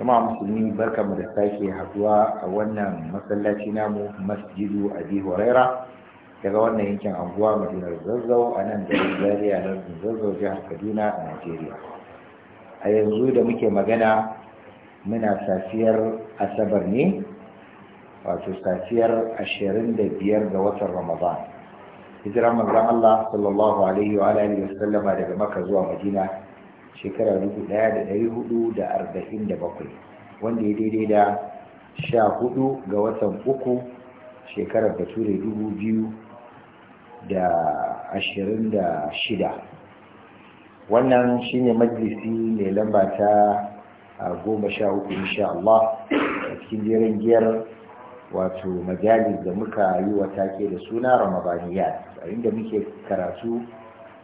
jama'a musulmi mu da sake haduwa a wannan masallaci namu masjidu abi huraira daga wannan yankin anguwa madinar zazzau a nan da zaria na zazzau jihar kaduna a najeriya a yanzu da muke magana muna safiyar asabar ne wato safiyar ashirin da biyar ga watan ramadan hijiran manzon allah sallallahu alaihi wa alihi wa sallama daga maka zuwa madina shekara bakwai wanda ya daidai da sha hudu ga watan uku shekarar bature shida. wannan shine majalisi mai lamba ta goma sha uku insha Allah a cikin jerin giyar wato majalis da muka yi wa take da suna ramadaniyat a inda muke karatu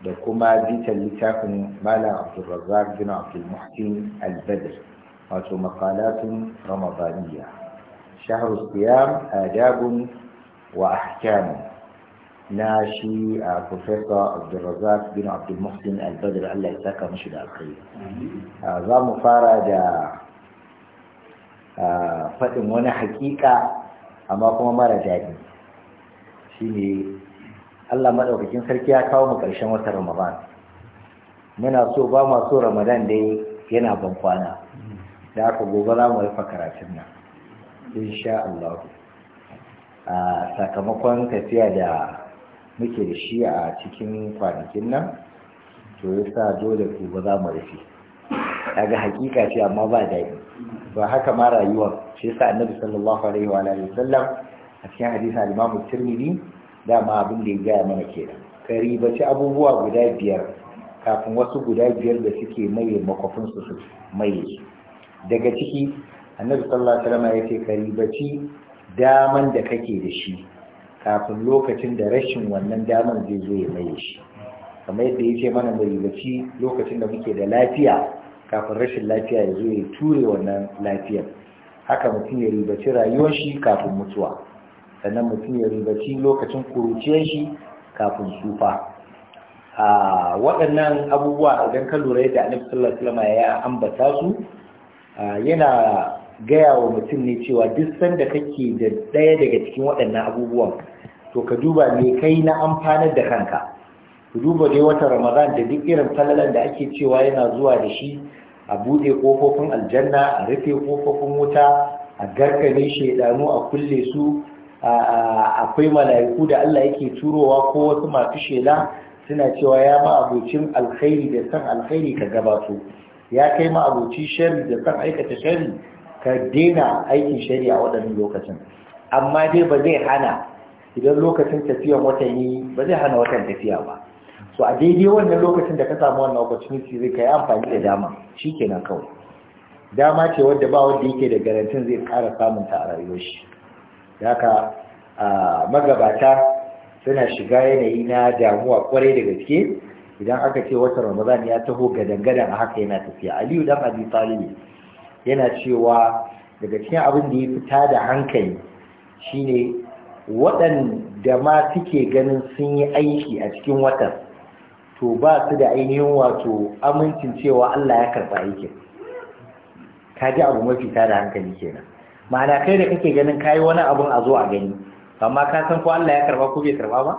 da kuma bitan littafin malam abdulrazzaq bin abdulmuhsin al-badr wato maqalatun ramadaniya shahru siyam adabun wa na shi a professor abdulrazzaq bin abdulmuhsin al-badr Allah ya saka mishi da alkhairi za mu fara da faɗin wani hakika amma kuma mara daɗi shine Allah maɗaukakin sarki ya kawo mu ƙarshen wata Ramadan muna so ba ma so Ramadan dai yana ban kwana da aka gobe za mu rufe karatun nan insha Allah a sakamakon tafiya da muke da shi a cikin kwanakin nan to ya sa dole ku ba za mu rufe Daga hakika ce amma ba daɗi ba haka ma rayuwar shi yasa annabi sallallahu alaihi wa sallam a cikin hadisi a limamin Tirmidhi dama abin da ya gaya mana kenan ka ribaci abubuwa guda biyar kafin wasu guda biyar da suke maye makwafinsu su maye daga ciki annabi sallallahu alaihi wasallam ya ce ka ribaci daman da kake da shi kafin lokacin da rashin wannan daman zai zo ya maye shi kamar yadda ya ce mana mai ribaci lokacin da muke da lafiya kafin rashin lafiya ya zo ya ture wannan lafiyar haka mutum ya ribaci rayuwar shi kafin mutuwa sannan mutum ya ribaci lokacin kuruciyar shi kafin sufa a waɗannan abubuwa idan ka lura yadda annabi sallallahu Salama ya ambata su yana gaya wa mutum ne cewa duk sanda kake da ɗaya daga cikin waɗannan abubuwan to ka duba me kai na amfanar da kanka ku duba dai watan ramadan da duk irin falalan da ake cewa yana zuwa da shi a buɗe ƙofofin aljanna a rufe ƙofofin wuta a garkane shaidanu a kulle su akwai mala'iku da Allah yake turowa ko wasu masu shela suna cewa ya ma abocin alkhairi da san alkhairi ka gabato ya kai ma aboci shari da san aikata shari ka daina aikin shari a waɗannan lokacin amma dai ba zai hana idan lokacin tafiyan watanni ba zai hana watan tafiya ba so a daidai wannan lokacin da ka samu wannan opportunity zai kai amfani da dama shikenan kawai dama ce wadda ba wanda yake da garantin zai ƙara samun ta a rayuwar shi haka magabata suna shiga yanayi na damuwa kwarai da gaske idan aka ce watan ramadan ya taho gadangadan a haka yana tafiya aliyu dan abi talibi yana cewa daga cikin abin da ya fita da hankali shine waɗanda ma suke ganin sun yi aiki a cikin watan to ba su da ainihin wato amincin cewa Allah ya karɓa aikin ka ji abu mafi tada hankali kenan ma'ana kai da kake ganin kayi wani abun a zo a gani amma ka san ko Allah ya karba ko bai karba ba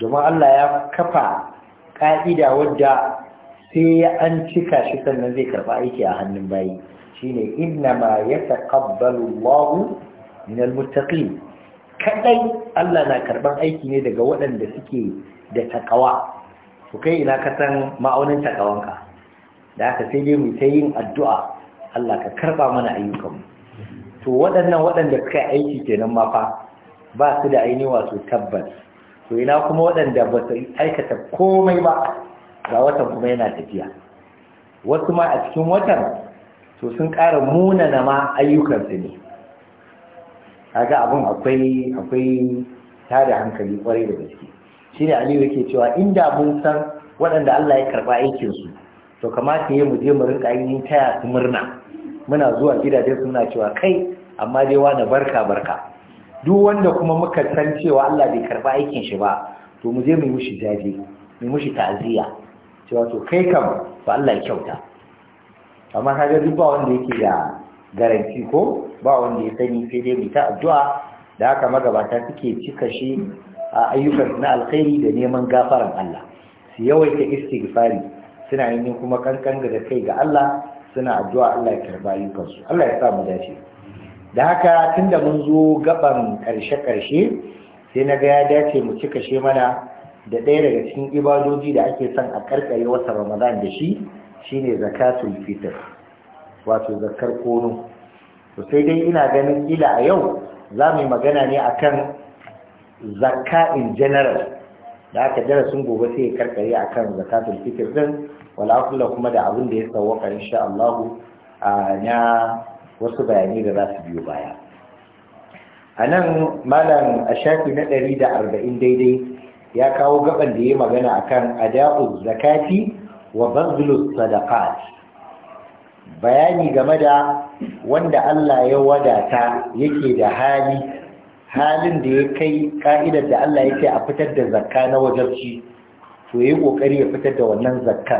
domin Allah ya kafa ka'ida wadda sai ya an cika shi sannan zai karba aiki a hannun bayi shine inna ma yataqabbalu Allahu min almuttaqin kadai Allah na karɓar aiki ne daga waɗanda suke da takawa ku kai ina ka san ma'aunin takawanka da haka sai dai mu ta yin addu'a Allah ka karɓa mana ayyukanmu to waɗannan waɗanda suka aiki kenan ma fa ba su da aini wato tabbas to ina kuma waɗanda ba su aikata komai ba ga watan kuma yana tafiya wasu ma a cikin watan to sun ƙara munana ma ayyukansu ne kaga abin akwai akwai tare hankali kwarai da gaske shine Aliyu yake cewa inda mun san waɗanda Allah ya karba aikin su to kamata yayi mu je mu rinka yin taya su murna muna zuwa gidaje suna cewa kai amma dai wani barka barka duk wanda kuma muka san cewa Allah bai karba aikin shi ba to mu je mu yi mushi jaje mu yi mushi ta'aziyya cewa to kai kam ba Allah ya kyauta amma kaga duk ba wanda yake da garanti ko ba wanda ya sani sai dai mu ta addu'a da haka magabata suke cika shi a ayyukan na alkhairi da neman gafaran Allah su yawaita istighfari suna yin kuma kankan da kai ga Allah suna addu'a Allah ya karba ayyukansu Allah ya sa mu dace da haka tunda mun zo gaban karshe-karshe sai na ga ya dace mu cika she mana da ɗaya daga cikin ibadoji da ake son a karkare wata ramadan da shi shine zakatul fitr wato zakar kono to sai dai ina ganin kila a yau za mu yi magana ne akan zakka in general da aka darasin gobe sai ya karkare akan zakatul fitr din wala kullu kuma da abin da ya sawwaka insha Allah na wasu bayanai da za su biyo baya a nan malam a shafi na arba'in daidai ya kawo gaban da ya magana akan ada'u zakati wa bazlu sadaqat bayani game da wanda Allah ya wadata yake da hali halin da ya kai ka'idar da Allah ya ce a fitar da zakka na wajarci to ya yi ƙoƙari ya fitar da wannan zakka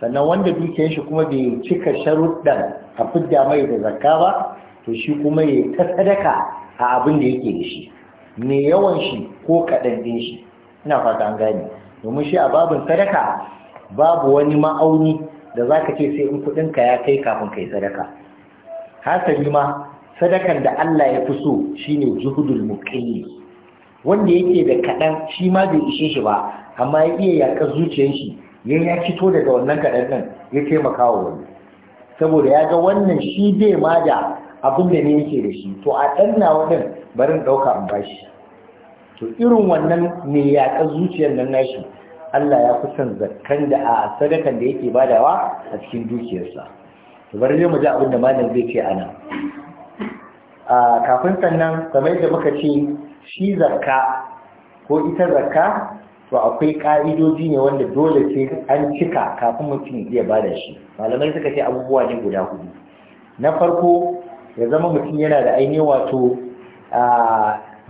sannan wanda dukiyar shi kuma bai cika sharuɗan a fidda mai da zakka ba to shi kuma ya ta sadaka a abin da yake da shi me yawan shi ko kaɗan din shi ina fata an gane domin shi a babin sadaka babu wani ma'auni da za ka ce sai in kuɗinka ya kai kafin kai sadaka hasali ma sadakan da Allah ya fi so shine zuhudul muqilli wanda yake da kaɗan shi ma bai ishe shi ba amma ya iya yaka zuciyar shi ya ya fito daga wannan kaɗan nan ya taimaka wa wani saboda ya ga wannan shi bai ma da abin da ne yake da shi to a ɗan na bari dauka ɗauka bashi to irin wannan ne ka zuciyar nan nashi Allah ya kusan zakkan da a sadakan da yake badawa a cikin dukiyarsa to bari mu ji abin da malam zai ce a nan kafin sannan kamar yadda muka ce shi zakka ko ita zakka to akwai ƙa'idoji ne wanda dole ce an cika kafin mutum ya ba da shi malamai suka ce abubuwa ne guda hudu na farko ya zama mutum yana da ainihin wato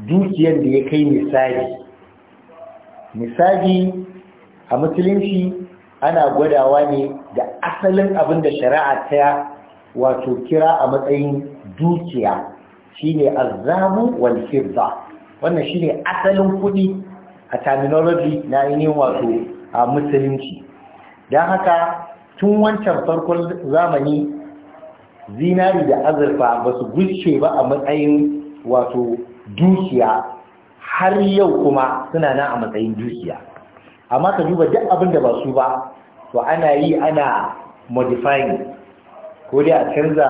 dukiyar da ya kai misali misali a musulunci ana gwadawa ne da asalin abin da shari'a ta wato kira a matsayin dukiya shine azabu wal fidda wannan shine asalin kudi a terminology na ainihin wato a musulunci dan haka tun wancan farkon zamani zinari da azurfa ba su gushe ba a matsayin wato dukiya har yau kuma suna nan a matsayin dukiya amma ka duba duk abin da ba su ba to ana yi ana modifying ko dai a canza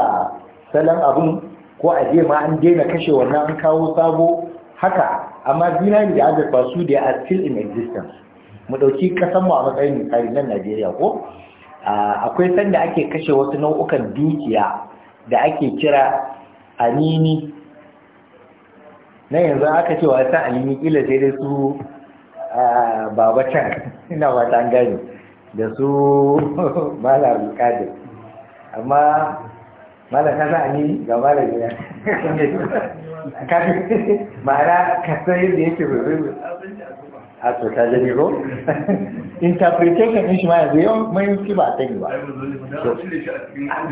salon abin ko a je ma an daina kashe wannan an kawo sabo haka amma zinari da aka su da a still in existence mu ɗauki ƙasar mu a matsayin misali nan Najeriya ko akwai sanda ake kashe wasu nau'ukan dukiya da ake kira anini na yanzu aka ce wasu anini kila sai dai su baba ina wata an gani da su malar bukadir amma mala ka san gaba ga malam gida kafin ma'ana ka san yadda yake zai a to ta jami ko interpretation ɗin shi ma yanzu yau mai yuki ba ta yi ba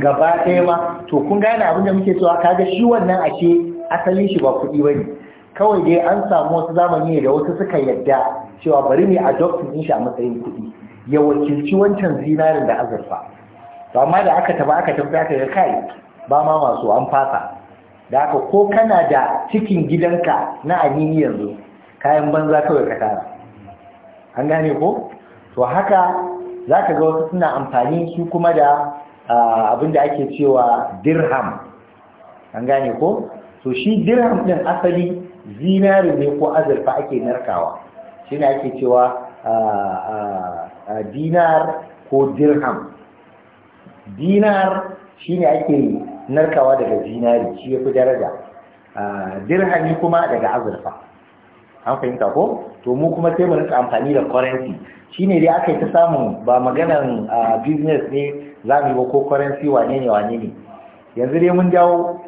gaba ɗaya ma to kun gane abin da muke cewa kaga shi wannan ake asalin shi ba kuɗi ba ne kawai dai an samu wasu zamani da wasu suka yadda cewa bari ne a doctrine din shi a matsayin kuɗi ya wakilci wancan zinarin da azurfa to amma da aka taba aka tafi aka ga kai ba ma masu an fasa da haka ko kana da cikin gidanka na amini yanzu kayan banza kawai ka tara an gane ko to haka za ka ga wasu suna amfani su kuma da abin da ake cewa dirham an gane ko to shi dirham ɗin asali zinari ne ko azurfa ake narkawa shi ne ake cewa dinar ko dirham dinar shi ne ake narkawa daga zinari shi ya fi daraja dirhami kuma daga azurfa an fahimta ko to mu kuma sai mu rinka amfani da currency shine dai aka yi ta samun ba maganan business ne za mu yi ba ko currency wane ne wane ne yanzu dai mun jawo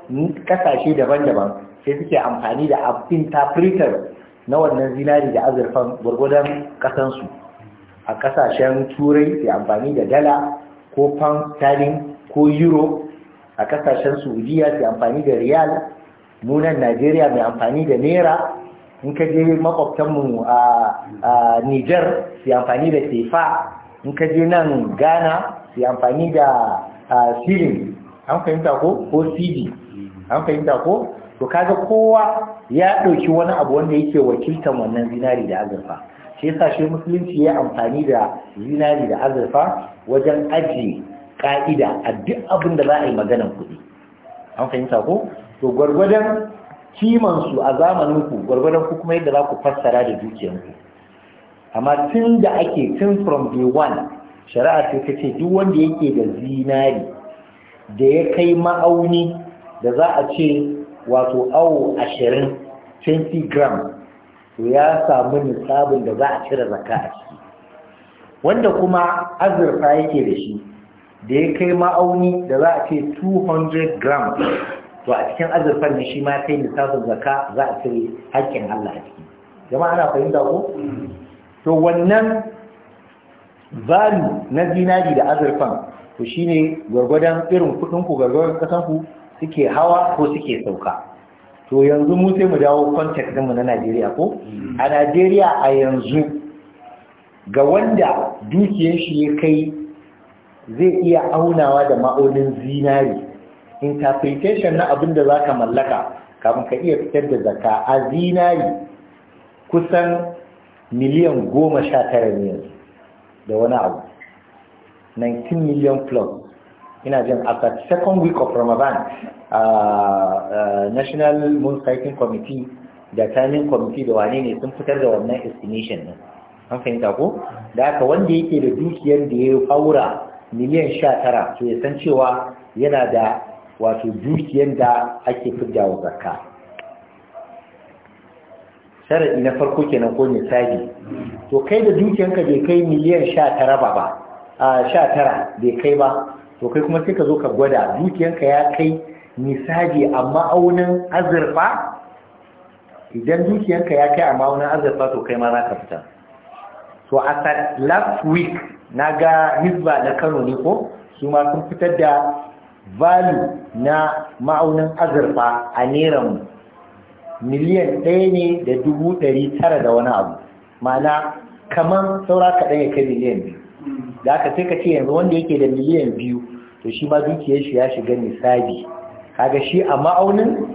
kasashe daban-daban sai suke amfani da abin tafritar na wannan zinari da azurfan gwargwadon kasansu a kasashen turai sai amfani da dala ko pound sterling ko euro a kasashen saudiya ke amfani da riyal munan najeriya mai amfani da naira in ka je makwabtanmu a niger su amfani da sefa in ka je nan ghana su amfani da sirin an fahimta ko ko cd an fahimta ko to kaga kowa ya ɗauki wani abu wanda yake wakiltan wannan zinari da azurfa shi yasa musulunci ya amfani da zinari da azurfa wajen ajiye Ka'ida a duk abin da za a yi maganan kuɗi an fahimta ko to gwargwadon kimansu a zamaninku gwargwadon ku kuma yadda za ku fassara da dukiyanku amma tun da ake tun from day one shari'a sai ta ce duk wanda yake da zinari da ya kai ma'auni da za a ce wato awo ashirin 20 gram to ya samu nisabin da za a cire zakka a ciki wanda kuma azurfa yake da shi da ya kai ma'auni da za a ce 200 gram to a cikin azurfar da shi ma kai lissafin zaka za a cire haƙƙin Allah a ciki jama'a ana fahimta ko to wannan zalu na zinari da azurfan to shine gwargwadon irin kuɗin ku gwargwadon suke hawa ko suke sauka to yanzu mu sai mu dawo context mu na Najeriya ko a Najeriya a yanzu ga wanda dukiyar shi ya kai zai iya aunawa da ma'aunin zinari interpretation na abin da za ka mallaka kafin ka iya fitar da zaka a zinari kusan miliyan goma sha tara ne da wani abu 19 million plus ina jin a second week of ramadan uh, uh, national moon cycling committee da timing committee da wane ne sun fitar da wannan estimation ɗin an fahimta ko da haka wanda yake da dukiyar da ya haura miliyan sha tara to ya san cewa yana da wato dukiyar da ake fidda wa zakka sharaɗi na farko kenan ko misali to kai da dukiyanka bai kai miliyan sha tara ba ba a sha tara bai kai ba to kai kuma sai ka zo ka gwada dukiyanka ya kai misali a ma'aunin azurfa idan dukiyanka ya kai a ma'aunin azurfa to kai ma za ka fita To a last week na ga hizba na kano ne ko su ma sun fitar da valu na ma'aunin azurfa a neran miliyan ɗaya ne da dubu ɗari tara da wani abu ma'ana kamar saura kaɗan ya kai miliyan biyu da aka sai ka ce yanzu wanda yake da miliyan biyu to shi ma dukiyar shi ya shiga nisabi kaga shi a ma'aunin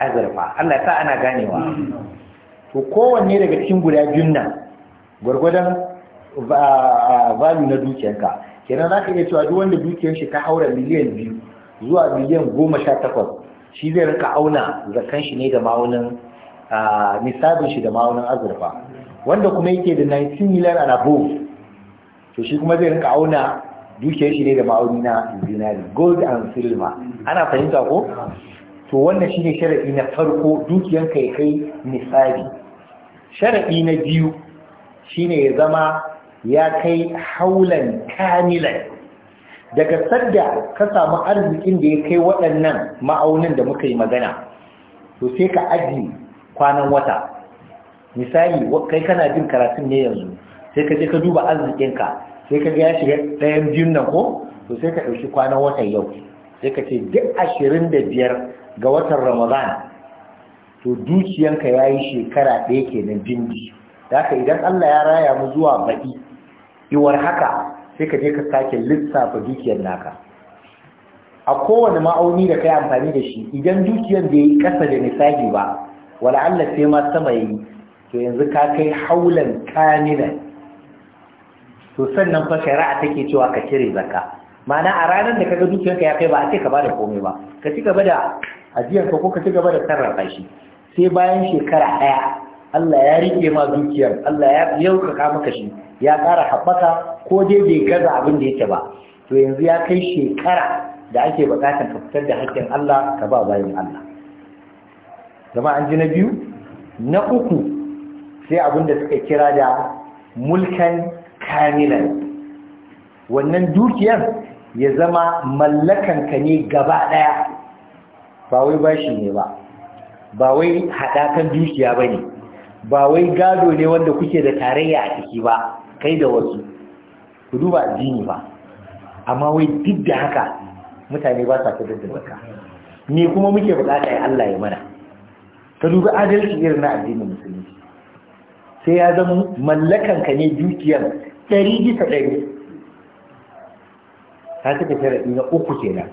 azurfa Allah sa ana ganewa mm. to kowanne daga cikin guda biyun nan gwargwadon value na dukiyarka kenan za ka iya cewa duk wanda dukiyar shi ta haura miliyan biyu zuwa miliyan goma sha takwas shi zai rinka auna zakan shi ne da ma'aunin nisabin shi da ma'aunin azurfa wanda kuma yake da 19 million and above to shi kuma zai rinka auna dukiyar shi ne da ma'auni na zinari gold and silver ana fahimta ko to wannan shine sharadi na farko dukiyar kai kai nisabi sharadi na biyu shine ya zama ya kai haulan kamilan daga sadda ka samu arzikin da ya kai waɗannan ma'aunin da muka yi magana to sai ka aji kwanan wata misali kai kana jin karatun ne yanzu sai ka je ka duba arzikinka sai ka ga ya shiga ɗayan jin nan ko to sai ka ɗauki kwanan wata yau sai ka ce duk ashirin da biyar ga watan ramadan to dukiyanka ya yi shekara ɗaya kenan bindi da haka idan allah ya raya mu zuwa baɗi Iwar haka sai ka je ka sake lissafa dukiyar naka a kowane ma'auni da kai amfani da shi idan dukiyar da yi kasa da misali ba wala Allah sai ma sama yi to yanzu ka kai haulan kanina to sannan fa shari'a take cewa ka cire zakka ma'ana a ranar da kaga dukiyarka ya kai ba a ka bada komai ba ka ci gaba da ajiyar ka ko ka ci gaba da sarrafa shi sai bayan shekara daya Allah ya rike ma dukiyar Allah ya yaukaka maka shi ya ƙara haɓaka ko dai bai gaza abin da yake ba to yanzu ya kai shekara da ake buƙatar ka fitar da haƙƙin Allah ka ba bayan Allah zama an ji na biyu na uku sai abin da suka kira da mulkan kamilan wannan dukiyar ya zama mallakan ka ne gaba ɗaya ba wai bashi ne ba ba wai haɗakan dukiya ba ne ba wai gado ne wanda kuke da tarayya a ciki ba kai da wasu ku duba addini ba amma wai duk da haka mutane ba sa fitar da zaka ne kuma muke bukata ya Allah ya mana ka duba adalci irin na addinin musulunci sai ya zama mallakan ka ne dukiyar ɗari bisa ɗari ta cika sharaɗi na uku kenan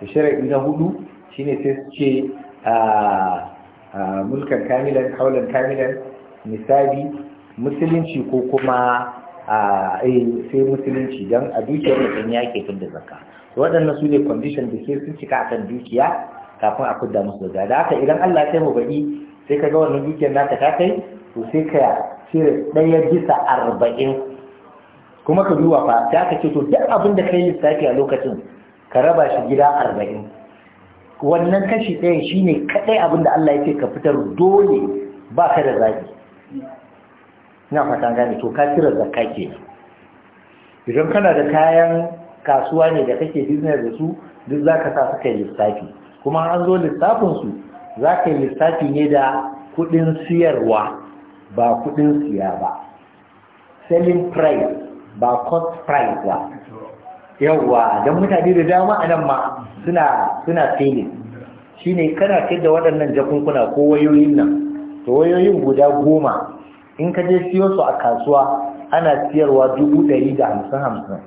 to sharaɗi na hudu shine sai su ce ah, ah, mulkan kamilan kaulan kamilan nisabi musulunci ko kuma a eh, sai musulunci don a dukiyar mutum ya ke tun da zaka waɗannan su ne condition da ke sun cika akan dukiya kafin a kudda musu da da haka idan Allah sai mu baɗi sai ka ga wannan dukiyar naka ta kai to sai ka cire ɗaya bisa arba'in kuma ka duba fa sai aka ce to duk abin da ka yi lissafi a lokacin ka raba shi gida arba'in wannan kashi ɗaya shine kaɗai abin da Allah ya ce ka fitar dole ba ka da zaki ina fata gane to ka cire zakka ke idan kana da kayan kasuwa ne da kake business da su duk za ka sa suka yi lissafi kuma an zo lissafinsu za ka yi lissafi ne da kudin siyarwa ba kudin siya ba selling price ba cost price ba yawwa don mutane da dama a nan ma suna suna selling shine kana kai da waɗannan jakunkuna ko wayoyin nan to wayoyin guda goma in ka je siyo su a kasuwa ana siyarwa dubu ɗari da hamsin hamsin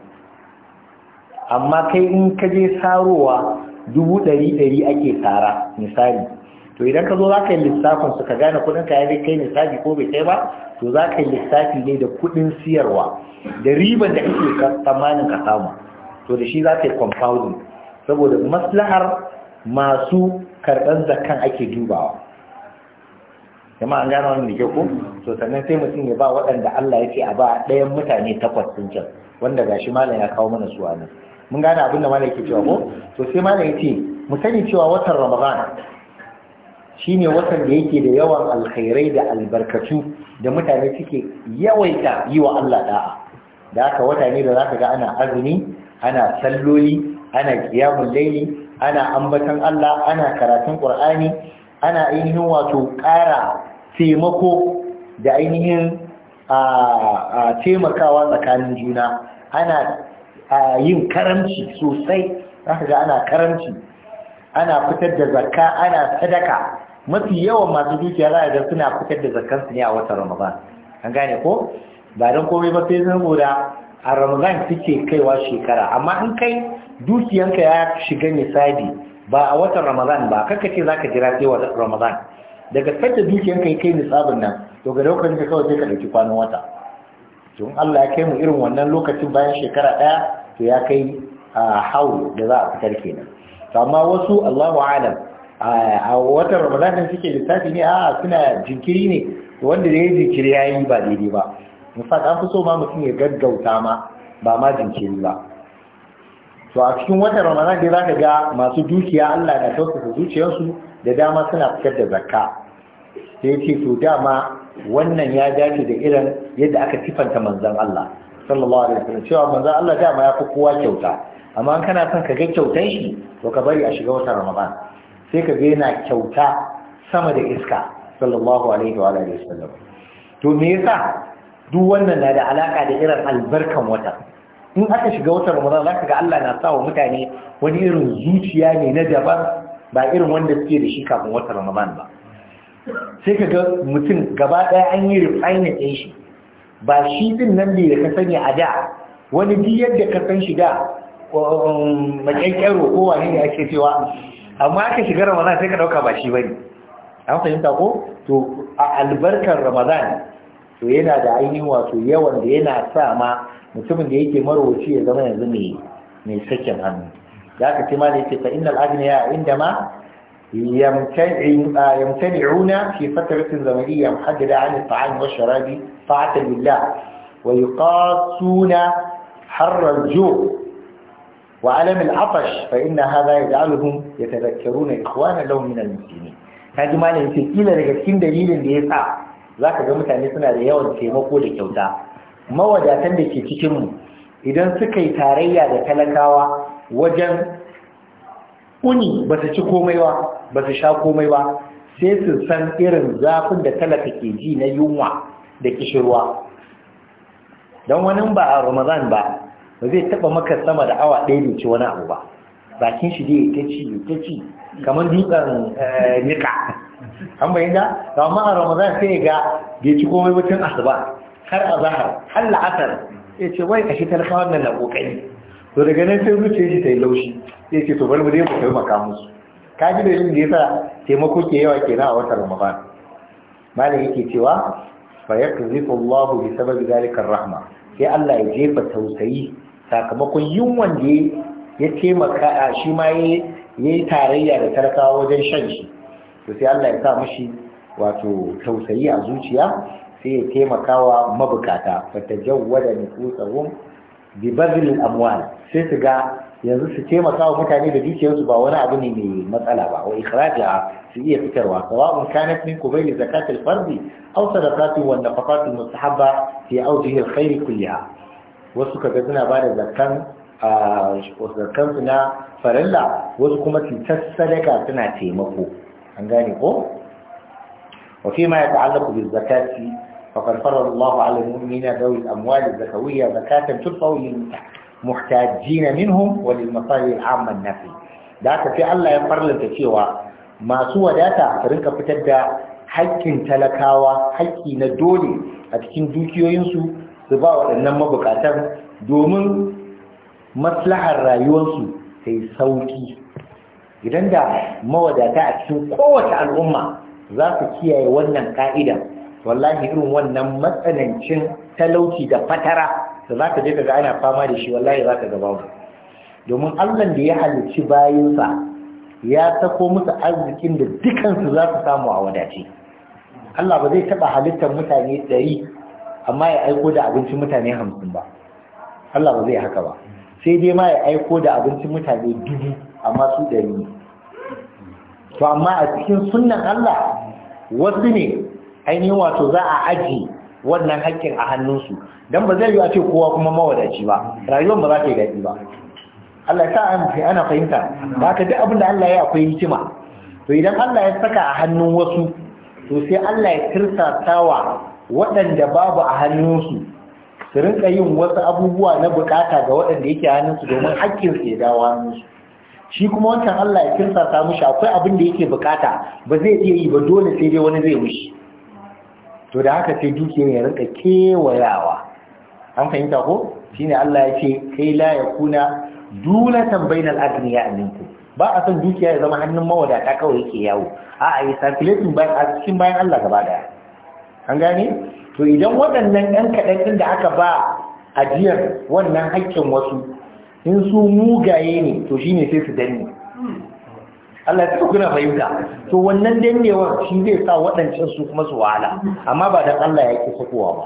amma kai in ka je sarowa dubu ɗari ɗari ake tara misali to idan ka zo za ka yi lissafin su ka gane kudin ka ya kai misali ko bai kai ba to za ka yi lissafi ne da kuɗin siyarwa da riban da ake tsammanin ka samu to da shi za ka yi compounding saboda maslahar masu karɓar zakan ake dubawa ma an gane wannan da ko to sannan sai mutum ya ba waɗanda Allah ya ce a ba ɗayan mutane takwas sun can wanda gashi malam ya kawo mana suwa nan mun gane abin da malam yake cewa ko to sai malam ya mu sani cewa watan ramadan shine watan da yake da yawan alkhairai da albarkatu da mutane suke yawaita yi wa Allah da'a da haka wata ne da zaka ga ana azumi ana salloli ana qiyamul layli ana ambatan Allah ana karatun Qur'ani ana ainihin wato ƙara taimako da ainihin a taimakawa tsakanin juna ana yin karamci sosai ka ga ana karamci ana fitar da zakka ana sadaka mafi yawan masu dukiya za a ga suna fitar da zakkansu ne a watan ramadan an gane ko ba don komai ba sai saboda a ramadan suke kaiwa shekara amma in kai dukiyanka ya shiga nisabi ba a watan ramadan ba kaka ce zaka jira sai watan ramadan daga sanda dukiyan kai kai nisabin nan to ga daukar ka kawai sai ka dauki kwanan wata to in Allah ya kai mu irin wannan lokacin bayan shekara daya to ya kai a da za a fitar kenan to amma wasu Allahu alam a watan ramadan suke lissafi ne a suna jinkiri ne wanda da ya jinkiri yayi ba daidai ba in fa an fi so ma mutum ya gaggauta ma ba ma jinkiri ba to a cikin watan ramadan dai zaka ga masu dukiya Allah na tausasa zuciyarsu da dama suna fitar da zakka sai ya ce to dama wannan ya dace da irin yadda aka tifanta manzon Allah sallallahu alaihi wasallam cewa manzon Allah dama ya fi kowa kyauta amma an kana son ka ga kyautan shi to ka bari a shiga watan ramadan sai ka ga yana kyauta sama da iska sallallahu alaihi wa alihi wasallam to me yasa duk wannan na da alaka da irin albarkan watan in aka shiga wata ramadan za ka ga Allah na sa wa mutane wani irin zuciya ne na daban ba irin wanda suke da shi kafin watan ramadan ba sai ka ga mutum gaba ɗaya an yi refinement ɗin shi ba shi din nan da ya a da wani bi yadda ka san shi da makyankyaro ko wani ne ake cewa amma aka shiga ramadan sai ka ɗauka ba shi bane an fahimta ko to a albarkar ramadan to yana da ainihin wato yawan da yana sa ma mutumin da yake marwaci ya zama yanzu mai mai sakin hannu ya ka ce malai ce fa innal agniya inda ma yamtani'una fi fatratin zamaniyya muhaddada an at-ta'am wa sharabi fa'ata lillah wa yuqasuna harra al-ju' وعلم العطش فإن هذا يجعلهم يتذكرون إخوانا لهم من المسلمين kaji malamin ce kila daga cikin dalilin da ya sa za ka ga mutane suna da yawan taimako da kyauta mawadatan da ke cikinmu idan suka yi tarayya da talakawa wajen uni ba su ci komai ba ba su sha komai ba sai su san irin zafin da talaka ke ji na yunwa da kishirwa don wani ba a ramadan ba ba zai taba maka sama da awa ɗaya ne ci wani abu ba bakin shi dai ta ci ta ci kamar dutsen eh, nika an bayyana amma a ramadan sai ga bai ci komai mutum asuba har a zahar har la'asar ya ce wai kashi talakawan nan na kokari to daga nan sai zuciya shi ta yi laushi ya ce to bari mu dai mu taimaka musu ka ji da yin da yasa taimako ke yawa kenan a watan ramadan malam yake cewa fa yakzifu Allah bi sababi zalika rahma sai Allah ya jefa tausayi sakamakon yunwan da ya taimaka shi ma yayi tarayya da talakawa wajen shan shi to sai Allah ya sa mashi wato tausayi a zuciya sai ya taimakawa mabukata fata jawwada nufusahum bi bazil amwal sai su ga yanzu su taimakawa mutane da dukiyarsu ba wani abu ne mai matsala ba wa ikhraja su iya fitarwa sawa'un kanat min kubayl zakat al-fard aw sadaqati wa nafaqat mustahabba fi awjihi al kulliha wasu kaga suna ba da zakan zakan su na farilla wasu kuma cutar sadaka suna taimako an gane ko wa ma ya zakati فقد فرض الله على المؤمنين ذوي الأموال الزكوية زكاة تدفع للمحتاجين منهم وللمصالح العامة النافية da aka fi Allah ya farlanta cewa masu wadata su rinka fitar da haƙƙin talakawa haƙƙi na dole a cikin dukiyoyinsu su ba waɗannan mabukatan domin maslahar rayuwarsu ta yi sauƙi idan da mawadata a cikin kowace al'umma za su kiyaye wannan ƙa'ida. wallahi irin wannan matsanancin talauci da fatara da za ka je ga ana fama da shi wallahi za ka gaba domin Allah da ya halicci bayansa ya sako musu arzikin da dukansu za su samu a wadace Allah ba zai taba halittar mutane ɗari amma ya aiko da abincin mutane hamsin ba Allah ba zai haka ba sai dai ma ya aiko da abincin mutane dubu amma su ɗari ne to amma a cikin sunnan Allah wasu ne ainihin wato za a aji wannan haƙƙin a hannunsu don ba zai yi a ce kowa kuma mawadaci ba rayuwar ba za ta yi daɗi ba Allah sa ana fahimta ba ka duk abin da Allah ya akwai hikima to idan Allah ya saka a hannun wasu to sai Allah ya tirsatawa waɗanda babu a hannunsu su rinka yin wasu abubuwa na bukata ga waɗanda yake hannunsu domin haƙƙin su ya dawo hannunsu shi kuma wancan Allah ya tirsata mushi akwai abin da yake bukata ba zai iya yi ba dole sai dai wani zai mushi to da haka sai dukiyar ya rinka kewayawa an fahimta ko shine Allah ya ce kai la ya yakuna dulatan bainal agniya minkum ba a son dukiya ya zama hannun mawadata kawai yake yawo a a yi circulating bayan a cikin bayan Allah gaba daya an gane to idan waɗannan yan kaɗan ɗin da aka ba ajiyar wannan haƙƙin wasu in su mugaye ne to shi ne sai su danne Allah ya kuna fahimta to wannan dannewar shi zai sa waɗancan su kuma su wahala amma ba dan Allah ya sakowa ba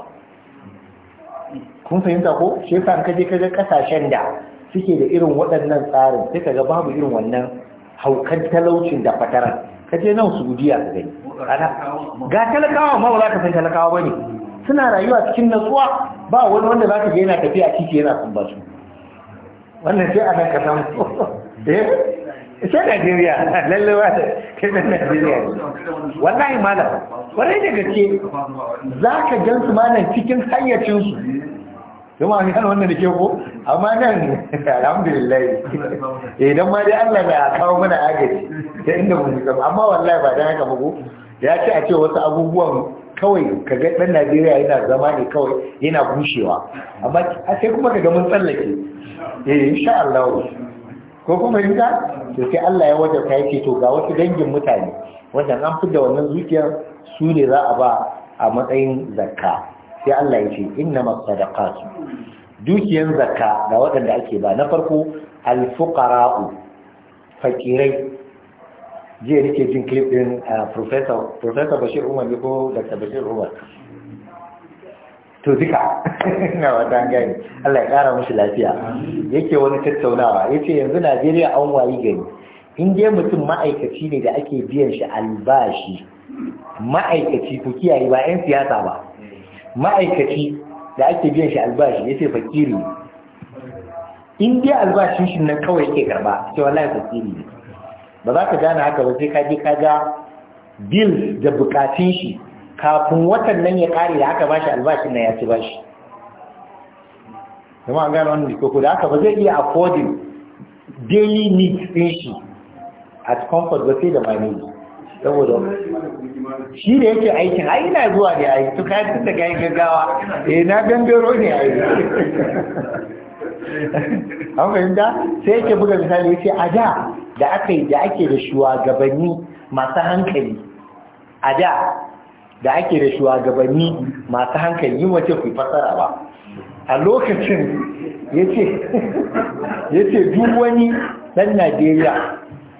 kun fahimta ko shi yasa an kaje kaga kasashen da suke da irin waɗannan tsarin sai kaga babu irin wannan haukan talaucin da fataran kaje nan Saudiya ka gani ga talakawa ma ba za ka san talakawa bane suna rayuwa cikin natsuwa ba wani wanda za ka ga yana tafiya kike yana sun ba su wannan sai a nan ka samu eh sai Najeriya lallai ba ta kai Najeriya wallahi malam kwarai da gaske za ka gan su malam cikin hanyacinsu kuma a gano wannan da ke ko amma nan alhamdulillah idan eh, ma dai Allah na kawo mana agaji ta inda mun ga amma wallahi ba dan haka ba ko ya ce a ce wasu abubuwan kawai ga dan Najeriya yana zama ne kawai yana bushewa amma sai kuma ga mun tsallake eh insha Allah ko kuma fahimta to sai Allah ya ka yake to ga wasu dangin mutane wanda an fi da wannan zuciyar su ne za a ba a matsayin zakka sai Allah ya ce inna masadaqatu dukiyan zakka ga waɗanda ake ba na farko alfukara'u fakirai jiya nake jin clip din uh, professor professor Bashir Umar ne ko Dr. Bashir Umar to duka na watan gani Allah ya kara mushi lafiya yake wani tattaunawa yace yanzu Najeriya an wayi gari in dai mutum ma'aikaci ne da ake biyan shi albashi ma'aikaci ku kiyaye ba 'yan siyasa ba ma'aikaci da ake biyan shi albashi yace fakiri in dai albashin shi nan kawai yake karba sai wallahi fakiri ne ba za ka gane haka ba sai ka je ka ga bills da bukatun shi kafin watan nan ya kare da aka bashi albashin na ya ci bashi kuma an gano wannan koko da aka ba zai iya affording daily needs din shi at comfort ba sai da mani saboda shi da yake aikin ai ina zuwa ne ai to kai tun daga gaggawa eh na gangaro ne ai an fahimta sai yake buga misali ya ce a da da aka da ake da shugabanni masu hankali a da da ake da shugabanni masu hankali yi wace ku fasara ba a lokacin ya ce duk wani ɗan najeriya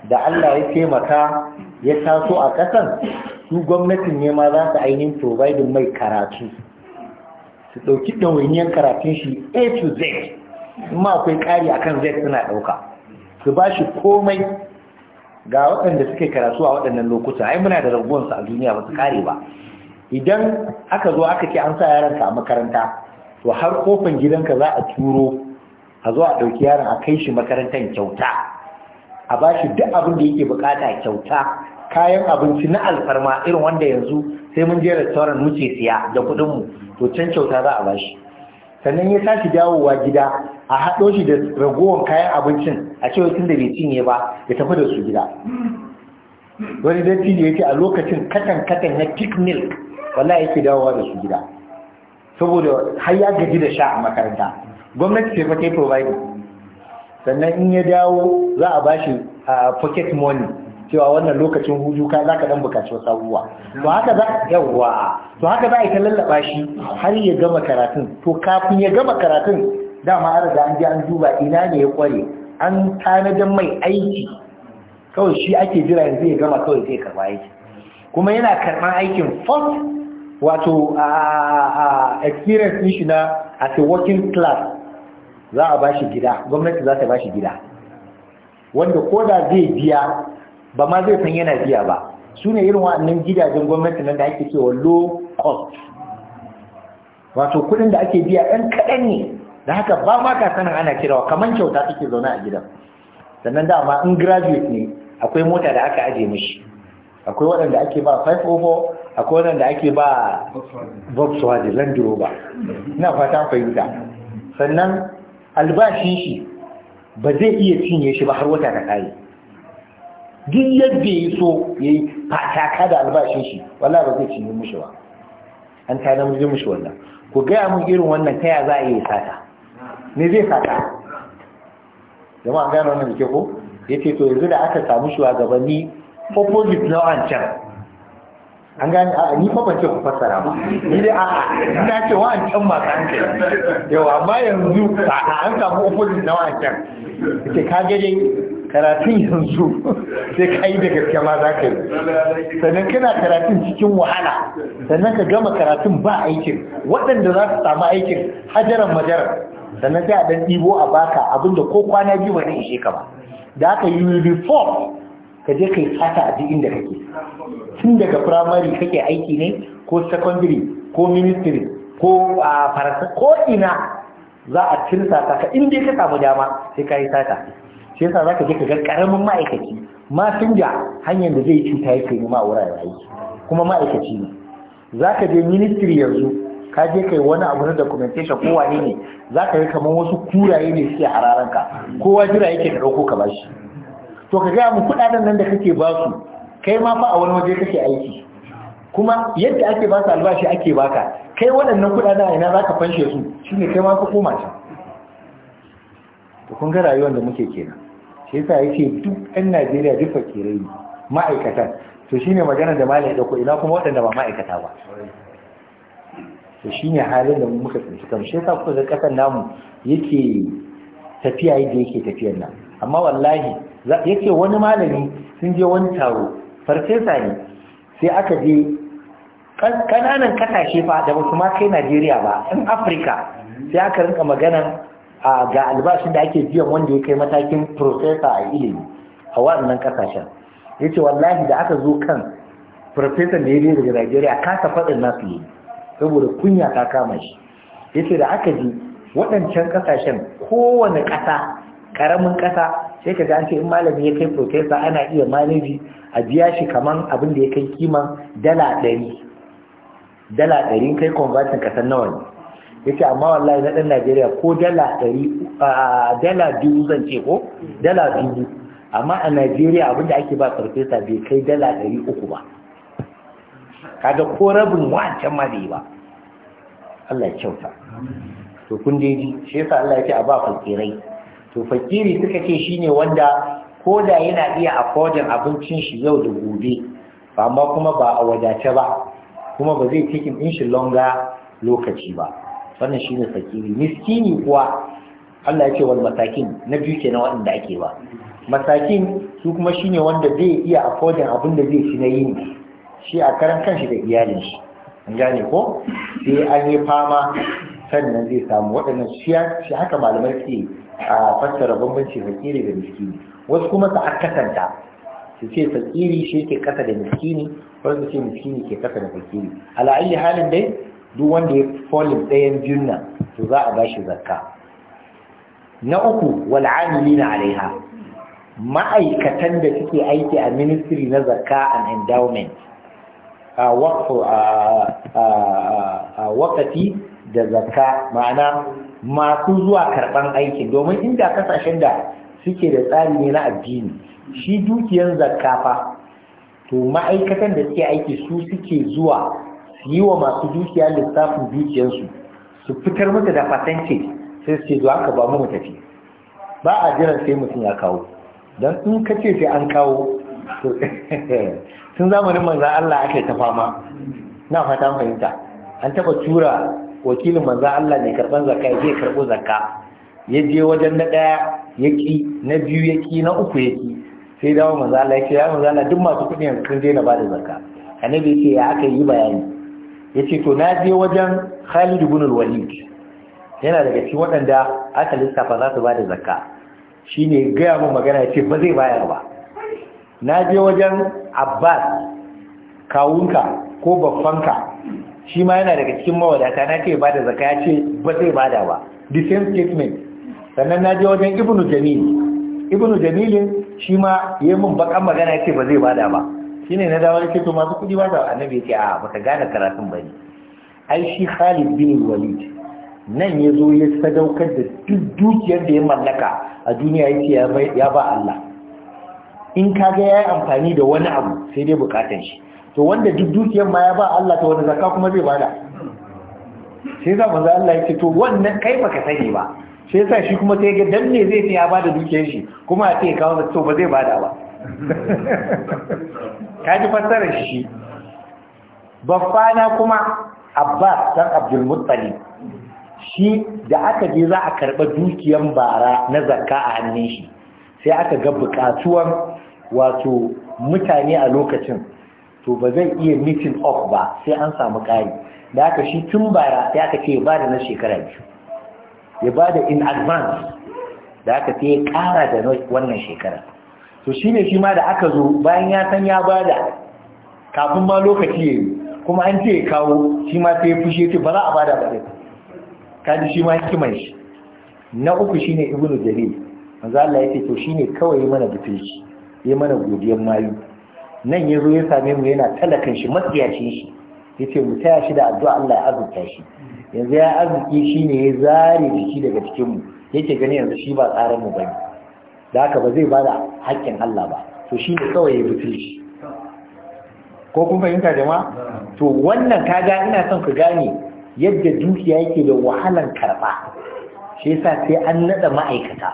da allah ya taimaka ya taso a ƙasan su gwamnatin ne ma za su ainihin providin mai karatu su ɗauki ɗawainiyar karatun shi a to z ma akwai ƙari akan z suna ɗauka su ba shi komai ga waɗanda suke karatu a waɗannan lokuta ai muna da raguwansu a duniya ba su kare ba idan aka zo aka ce an sa yaranka a makaranta to har kofan gidanka za a turo a zo a ɗauki yaron a kai shi makarantar kyauta a ba shi duk abin da yake bukata kyauta kayan abinci na alfarma irin wanda yanzu sai mun je restaurant muke siya da kuɗinmu to can kyauta za a ba shi sannan ya sashi dawowa gida a haɗo shi da ragowar kayan abincin a cewa tun da bai cinye ba ya tafi da su gida wani datti ya ce a lokacin katan katan na kick milk wala yake dawowa da su gida saboda har ya gaji da sha a makaranta gwamnati ce fata ta yi sannan in ya dawo za a bashi pocket money cewa wannan lokacin huju ka za ka dan bukaci wasu abubuwa to haka za yawwa to haka za a yi ta lallaba shi har ya gama karatun to kafin ya gama karatun dama an riga an ji an duba ina ne ya kware an tanadan mai aiki kawai shi ake jira yanzu ya gama kawai zai karba aiki kuma yana karban aikin first wato a experience shi na as a working class za a bashi gida gwamnati za ta bashi gida wanda koda zai biya ba ma zai san yana biya ba su ne irin wa'annan gidajen gwamnati nan da ake cewa low cost wato kudin da ake biya ɗan kaɗan ne da haka ba ma ka sanin ana kirawa kamar kyauta take zaune a gidan sannan dama in graduate ne akwai mota da aka aje mishi akwai waɗanda ake ba 504 akwai waɗanda ake ba volkswagen land rover ina fata fahimta sannan albashin shi ba zai iya cinye shi ba har wata ta kai duk yadda ya so ya yi taka da albashin shi wallah ba zai ci cinye mushi ba an ta da mushi mushi wannan ku gaya mun irin wannan ta za a yi sata ne zai sata jama'a gane wannan da ke ko ya ce to yanzu da aka samu shugabanni opposite na wancan an gane a ni fa ban ce ku fassara ba ni dai a'a ina ce wa'ancan masu hankali yawa amma yanzu a an samu opposite na wa'ancan ke ka dai karatun yanzu sai ka yi da gaske ma za ka yi sannan kana karatun cikin wahala sannan ka gama karatun ba aikin waɗanda za su samu aikin hajaran majarar sannan sai a ɗan ɗibo a baka abinda ko kwana biyu ba zai ishe ka ba da aka yi uniform ka je yi sata a da inda kake tun daga firamare kake aiki ne ko secondary ko ministry ko a ko ina za a sata ka in dai ka samu dama sai ka yi sata shi yasa zaka je ka ga karamin ma'aikaci masinja hanyar da zai cuta yake nema a wuraren aiki kuma ma'aikaci ne zaka je ministry yanzu ka je kai wani abu na documentation ko wane ne zaka ga kamar wasu kuraye ne suke hararan ka kowa jira yake ka dauko ka bashi to ka ga mu kudaden nan da kake ba su kai ma fa a wani waje kake aiki kuma yadda ake ba su albashi ake baka kai waɗannan kudaden a ina zaka fanshe su shine kai ma ka koma can to kun ga rayuwar da muke kenan shi yasa yake duk ɗan Najeriya duk fakirai ne ma'aikatan to shine magana da malai dauko ina kuma waɗanda ba ma'aikata ba to shine halin da muka tsinci kan shi yasa kuka ga ƙasar namu yake tafiya yadda yake tafiyar nan amma wallahi yake wani malami sun je wani taro farfesa ne sai aka je kananan kasashe fa da wasu ma kai Najeriya ba in Afirka sai aka rinka maganan ga albashin da ake biyan wanda ya kai matakin professor a ilimi a waɗannan ƙasashen ya ce wallahi da aka zo kan professor da ya zai daga Najeriya kasa faɗin nasu yi saboda kunya ta kama shi ya ce da aka ji waɗancan ƙasashen kowane ƙasa ƙaramin ƙasa sai ka an in malami ya kai professor ana iya manaji a biya shi kaman abin da ya kai kiman dala ɗari dala ɗari kai convertin ƙasar nawa yace amma wallahi na ɗan Najeriya ko dala biyu dala biyu zan ce ko dala biyu amma a Najeriya abinda ake ba farfesa bai kai dala ɗari uku ba kaga ko rabin wancan ma bai ba Allah kyauta to kun je shi yasa Allah ya ce a ba fakirai to fakiri suka ce shine wanda ko da yana iya affordin abincin shi yau da gobe amma kuma ba a wadace ba kuma ba zai cikin inshi longa lokaci ba wannan shine fakiri miskini kuwa Allah ya ce wal masakin na biyu na waɗanda ake ba masakin su kuma shine wanda zai iya afodin abin da zai ci na yini shi a karan kanshi da iyalin shi an gane ko sai an yi fama sannan zai samu waɗannan shi haka malamai ke a fassara bambanci fakiri da miskini wasu kuma su akasanta su ce fakiri shi ke kasa da miskini wasu su ce miskini ke kasa da fakiri ala'ayi halin dai duk wanda ya fi ɗayan biyun nan to za a bashi zakka na uku wal na alaiha ma'aikatan da suke aiki a ministry na zakka and endowment a wakati da zakka ma'ana masu zuwa karɓan aiki, domin inda kasashen da suke da tsari ne na addini shi dukiyar zarka fa to ma'aikatan da suke aiki su suke zuwa su yi wa masu dukiya lissafin dukiyarsu su fitar mata da fatance sai su ce zuwa ka ba mu tafi ba a jiran sai mutum ya kawo don in ka ce sai an kawo Sun zamanin manza Allah aka yi ta fama na fata fahimta an taba tura wakilin manza Allah ne karban zakka ya ke karbo zakka ya je wajen na ɗaya ya ƙi na biyu ya ƙi na uku ya ƙi sai dawo Allah ya ce ya manza Allah duk masu kuɗi yanzu sun na ba da zakka annabi ce ya aka yi bayani yace to na je wajen Khalid ibn al-Walid yana daga cikin waɗanda aka lissafa za su bada zakka shine gaya mu magana yace ba zai bayar ba na je wajen Abbas kawunka ko babbanka shi ma yana daga cikin mawadata na ce bada zakka ya ce ba zai bada ba the same statement sannan na je wajen Ibn Jamil Ibn Jamil shi ma yayin mun bakan magana yace ba zai bada ba shine na dawo ce to masu kudi ba da annabi yake a baka gane karatun bane ai shi Khalid bin Walid nan ya zo ya sadaukar da duk dukiyar da ya mallaka a duniya yake ya ba Allah in kaga yayi amfani da wani abu sai dai bukatan shi to wanda duk dukiyar ma ya ba Allah ta wani zakka kuma zai bada sai za manzo Allah ya ce to wannan kai baka sani ba sai sa shi kuma sai ga danne zai ce ya bada dukiyar shi kuma a ce kawo to ba zai bada ba ka ji fassarar shi na kuma abbas dan abdulmuttali shi da aka je za a karɓa dukiyan bara na zakka a hannun shi sai aka ga bukatuwan wato mutane a lokacin to ba zai iya meeting up ba sai an samu ƙari da aka shi tun bara sai aka ce ya da na shekara biyu ya bada in advance da aka ce ya ƙara da wannan shekara to shi ne shi ma da aka zo bayan ya san ya bada kafin ma lokaci yi kuma an ce ya kawo shi ma ta ya fushe ce ba za a bada ba bari kaji shi ma hikimar shi na uku shi ne ibnu jarir manzo Allah ce to shi ne kawai mana butulci ya mana godiyar mayu nan ya zo ya same mu yana talakan shi matsiyacin shi ya ce mu taya shi da addu'a Allah ya azurta shi yanzu ya arziki shi ne ya zare jiki daga cikinmu yake gani yanzu shi ba tsarinmu ba ne. da haka ba zai ba da haƙƙin Allah ba to shi ne kawai ya shi ko kun fahimta jama'a to wannan kaga ina son ka gane yadda dukiya yake da wahalan karba shi yasa sai an naɗa ma'aikata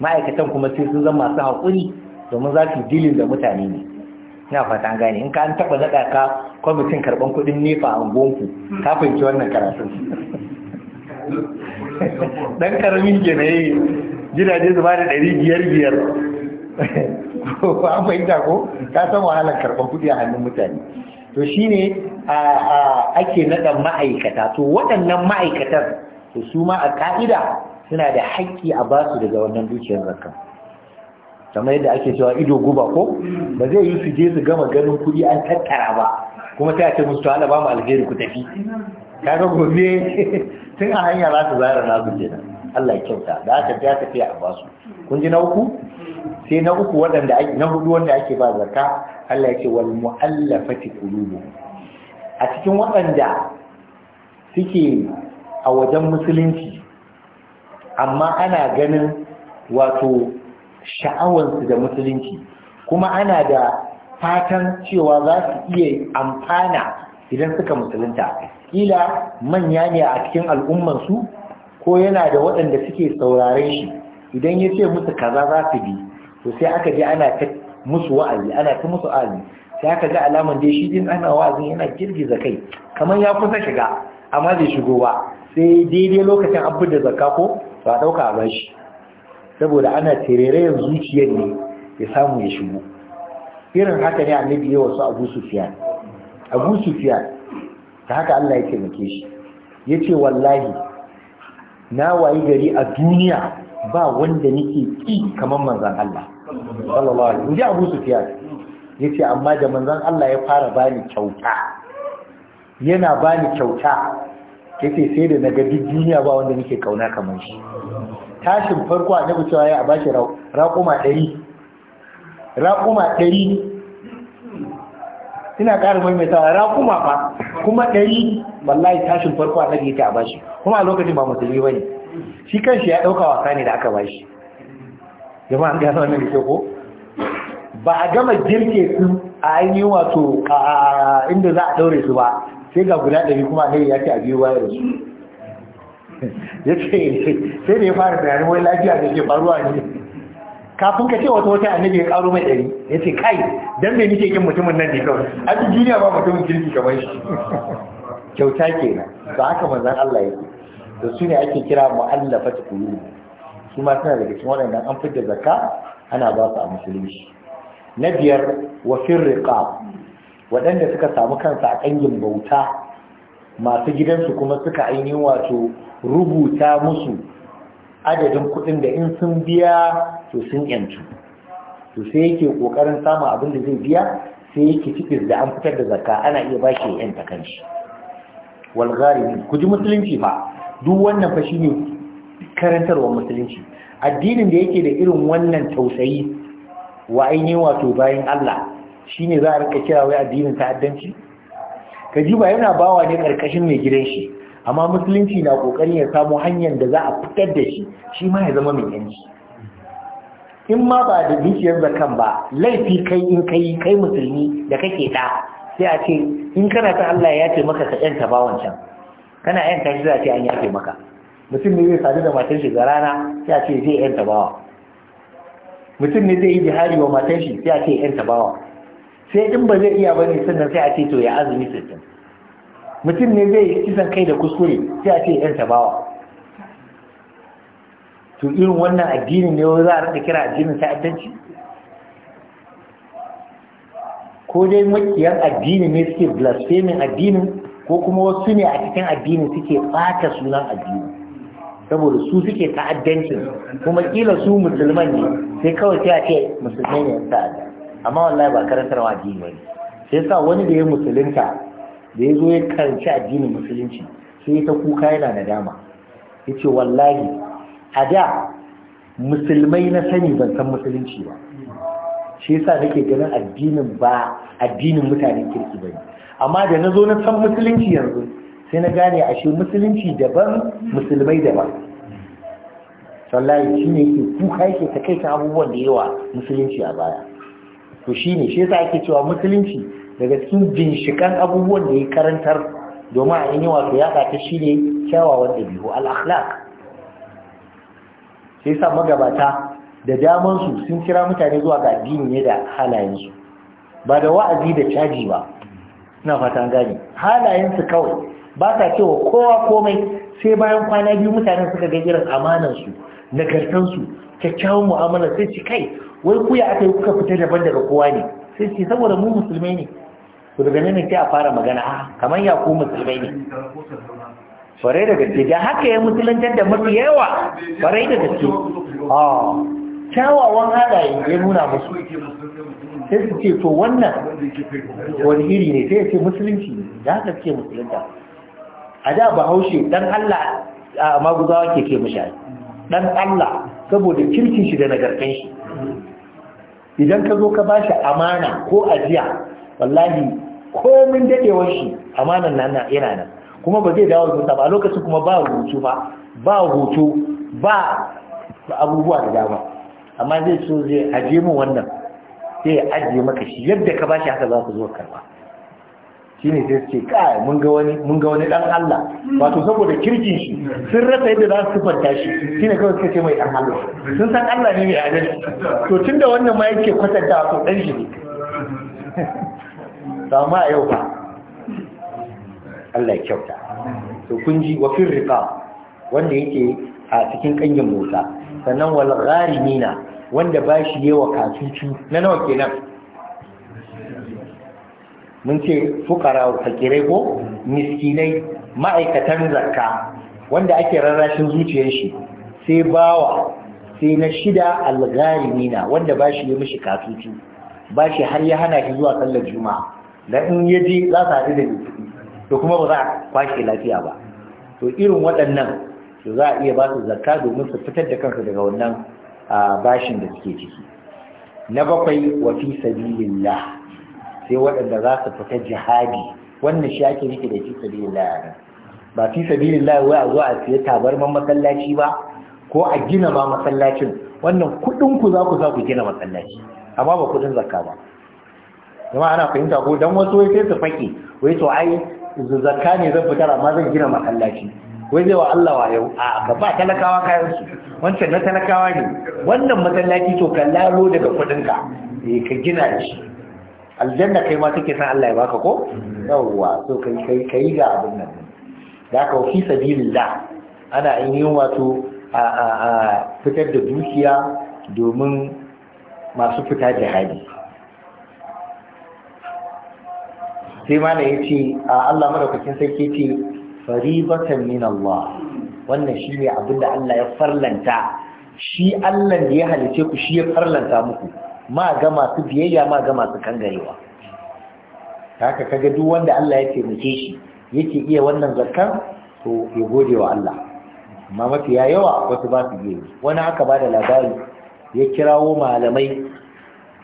ma'aikatan kuma sai sun zama masu hakuri domin za su dilin da mutane ne ina fatan gane in ka an taɓa naɗa ka kwamitin karban kuɗin nefa a gonku ka fahimci wannan karatun dan karamin ke gidaje su da ɗari biyar biyar ko an ko ka san wahalar karɓar kuɗi a hannun mutane to shi ne ake naɗa ma'aikata to waɗannan ma'aikatar, to su ma a ka'ida suna da haƙƙi a ba su daga wannan dukiyar zakka kamar yadda ake cewa ido guba ko ba zai yi su je su gama ganin kuɗi an tattara ba kuma sai a ce musu ba mu alheri ku tafi kaga gobe tun a hanya za su zara nasu kenan Allah ya kyauta da aka ya tafiya a basu kun ji na uku sai na uku waɗanda na hudu wanda ake ba zakka Allah ya ce wal mu'allafati qulubuhum a cikin waɗanda suke a wajen musulunci amma ana ganin wato sha'awansu da musulunci kuma ana da fatan cewa za su iya amfana idan suka musulunta kila manya ne a cikin al'ummansu ko yana da waɗanda suke saurare shi idan ya ce musu kaza za su bi to sai aka je ana ta musu wa'azi ana ta musu wa'azi sai aka ga alaman dai shi din ana wa'azi yana girgiza kai kamar ya kusa shiga amma zai shigo ba sai daidai lokacin an da zakka ko ba ɗauka a bashi saboda ana tererayen zuciyar ne ya samu ya shigo irin haka ne annabi ya wasu abu sufiyan abu sufiyan ta haka Allah ya taimake shi ya ce wallahi na wayi gari a duniya ba wanda nake ki kamar manzan Allah sallallahu alaihi wasallam Abu Sufyan yace amma da manzan Allah ya fara bani kyauta yana bani kyauta yace sai da naga duk duniya ba wanda nake kauna kamar shi tashin farko a nabi cewa ya bashi raƙuma 100 raƙuma 100 ina ƙara maimaitawa raƙuma fa kuma ɗari wallahi tashin farko a annabi yake a bashi kuma a lokacin ba musulmi ba ne shi kanshi ya ɗauka wasa ne da aka ba shi jama'an an gasa wani ke ko ba a gama girke su a ainihin wato a inda za a ɗaure su ba sai ga guda ɗari kuma a ya ce a biyu bayan su ya ce sai da ya fara tunanin wani lafiya da ke faruwa ne kafin ka ce wata wata annabi ya karo mai ɗari ya ce kai don me nike kin mutumin nan ne kawai a duniya ba mutumin kirki kamar shi kyauta kenan ba haka manzon Allah yake da su ne ake kira mu'allafa ta kulu su ma suna daga cikin waɗannan an fidda zakka ana ba su a musulunci na biyar wa firriqa waɗanda suka samu kansa a kangin bauta masu gidansu kuma suka ainihin wato rubuta musu adadin kuɗin da in sun biya to sun yantu to sai yake ƙoƙarin samun abin da zai biya sai yake cikin da an fitar da zakka ana iya ba shi yanta kanshi wal ku ji musulunci ba. duk wannan fa shine karantarwar musulunci addinin da yake da irin wannan tausayi wa aini wato bayan Allah shine za a rika kira wai addinin ta'addanci ka ji ba yana bawa ne karkashin mai gidan shi amma musulunci na kokarin ya samu hanyar da za a fitar da shi shi ma ya zama mai yanci in ma ba da dukiyar zakan ba laifi kai in kai kai musulmi da kake da sai a ce in kana ta Allah ya ce maka ka yanta bawancan kana yanka shi za a ce an yafe maka mutum ne zai sadu da matan shi ga rana sai a ce zai yan tabawa mutum ne zai yi jihari wa matan shi sai a ce yan tabawa sai in ba zai iya bane sannan sai a ce to ya azumi sittin mutum ne zai kisan kai da kuskure sai a ce yan tabawa to irin wannan addini ne za a rika kira addinin ta'addanci ko dai makiyan addini ne suke blaspheming addinin ko kuma wasu ne a cikin addini suke fata sunan addini saboda su suke ta'addancin kuma kila su musulman ne sai kawai sai a ce musulmai ne yasa amma wallahi ba karantar wa addini ne. sai sa wani da ya musulunta da ya zo ya karanci addinin musulunci sai ya ta kuka yana da dama. Ya ce wallahi a da musulmai na sani ban san musulunci ba shi yasa nake ganin addinin ba addinin mutanen kirki ba ne amma da na zo na san musulunci yanzu sai na gane ashe musulunci daban musulmai daban sallahi shi ne ke kuka yake ta kai ta abubuwan da yawa musulunci a baya to shi ne shi yasa ake cewa musulunci daga cikin binshikan abubuwan da ya karantar domin a yawa ya yaɗa ta shi ne kyawawan ɗabi'u al'akhlaq sai sa magabata da damansu sun kira mutane zuwa ga addini ne da halayensu ba da wa'azi da caji ba na fata gani halayensu kawai ba ta cewa kowa komai sai bayan kwana biyu mutane suka ga irin amanansu nagartansu kyakkyawan mu'amala sai ci kai wai kuya aka yi kuka fita daban daga kowa ne sai ci saboda mu musulmai ne to daga nan sai a fara magana a kamar ya ku musulmai ne farai da gaske da haka ya musulantar da mafi yawa farai da gaske ah. kyawawan halaye ya nuna musu sai su ce to wannan wani iri ne sai ya ce musulunci ne da haka ce musulunta a da ba haushe dan Allah a maguzawa ke ke mashari dan Allah saboda kirkin shi da nagartan shi idan ka zo ka ba shi amana ko ajiya wallahi komin dadewar shi amanan nan yana nan kuma ba zai dawo da ba a lokacin kuma ba rubutu ba ba hutu ba abubuwa da dama amma zai so zai aje mu wannan sai aje ajiye maka shi yadda ka bashi haka za ku zo karba shine sai ce kai mun ga wani mun ga wani dan Allah wato saboda kirkin shi sun rasa yadda za su fanta shi shine kawai suka ce mai dan Allah sun san Allah ne mai adalci to tunda wannan ma yake kwatanta wato dan shi ne amma yau ba Allah ya kyauta to kun ji wa firqa wanda yake a cikin kangin Musa, sannan wal gharimina wanda ba shi yi wa kasuci na nawa kenan mun ce fukara fakirai ko miskinai ma'aikatan zakka wanda ake rarrashin zuciyar shi sai bawa sai na shida na wanda ba shi yi mishi kasuci ba shi har ya hana shi zuwa sallar juma'a da in ya ji za su haɗu da jiki to kuma ba za a kwashe lafiya ba to irin waɗannan to za a iya ba su zakka domin su fitar da kansu daga wannan bashin da suke ciki na bakwai wa fi sabilillah sai waɗanda za su fita jihadi wannan shi ake nufi da fi sabilillah ne ba fi sabilillah wai a zo a siya tabarman masallaci ba ko a gina ma masallacin wannan kuɗin ku za ku za ku gina masallaci amma ba kuɗin zakka ba kuma ana fahimta ko dan wasu wai sai su fake wai to ai zakka ne zan fitar amma zan gina masallaci wai zai wa Allah wa yau? a ka ba talakawa kayan su wancan na talakawa ne wannan masallaci to ka lalo daga kudin ka eh ka gina shi aljanna kai ma take san Allah ya baka ko yawwa so kai kai kai ga abin nan da ka fi sabilillah ana ainihin wato a a a fitar da dukiya domin masu fita jihadi sai ma da ya ce Allah madaukakin sarki ce faribatan min Allah wannan shine abinda Allah ya farlanta shi Allah da ya halice ku shi ya farlanta muku ma ga masu biyayya ma ga masu kangarewa haka kaga duk wanda Allah ya taimake shi yake iya wannan zakkan to ya gode wa Allah amma mafi yawa wasu ba su iya wani aka ba da labari ya kirawo malamai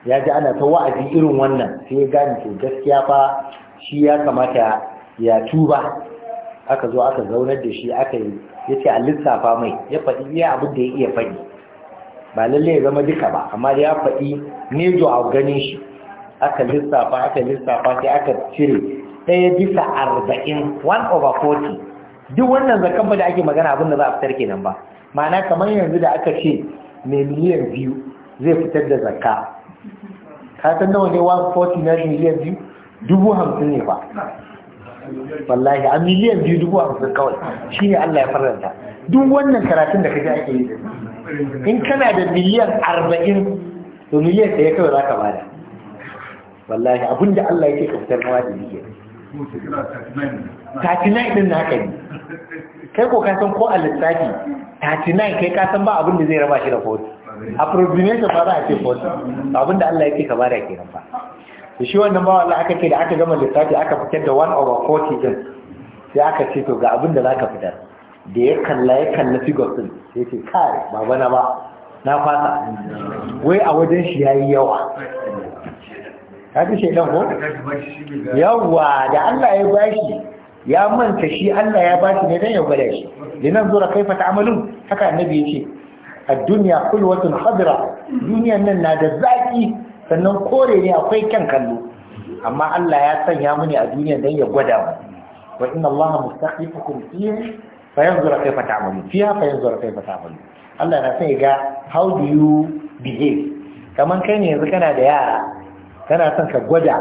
ya ji ana ta wa'azi irin wannan sai ya gane to gaskiya fa shi ya kamata ya tuba aka zo aka zaunar da shi aka yi ya ce a lissafa mai ya faɗi iya abin da ya iya faɗi ba lalle ya zama duka ba amma ya faɗi ne zo a ganin shi aka lissafa aka lissafa sai aka cire ɗaya bisa arba'in one over forty duk wannan zakan ba da ake magana abin da za a fitar kenan ba ma'ana kamar yanzu da aka ce mai miliyan biyu zai fitar da zakka ka san nawa ne one forty na miliyan biyu dubu hamsin ne ba wallahi a miliyan biyu dubu hamsin kawai shine Allah ya faranta duk wannan karatun da ji ake yi in kana da miliyan arba'in to miliyan ɗaya kawai za ka bada wallahi abinda Allah yake ka fitar kawai da ke 39 din haka yi kai ko kasan ko a lissafi 39 kai kasan ba abin da zai raba shi da kotu. A approximation ba za a ce kotu abin da Allah yake ka bada nan ba da shi wannan bawa Allah aka ce da aka gama lissafi aka fitar da 1 over 40 din sai aka ce to ga abin da zaka fitar da ya kalla ya kalla figure din sai ce kai baba na ba na fasa wai a wajen shi yayi yawa ka ji shedan ko yawa da Allah ya bashi ya manta shi Allah ya bashi ne dan ya gwada shi linan zura kaifa amalin haka annabi ce, a duniya kulwatun hadira duniyan nan na da zaki sannan kore ne akwai kyan kallo amma Allah ya sanya muni a duniya dan ya gwada mu wa inna Allaha mustaqifukum fihi fa yanzura kayfa ta'malu fiha fa yanzura kayfa ta'malu Allah na sai ga how do you behave kaman kai ne yanzu kana da yara kana son ka gwada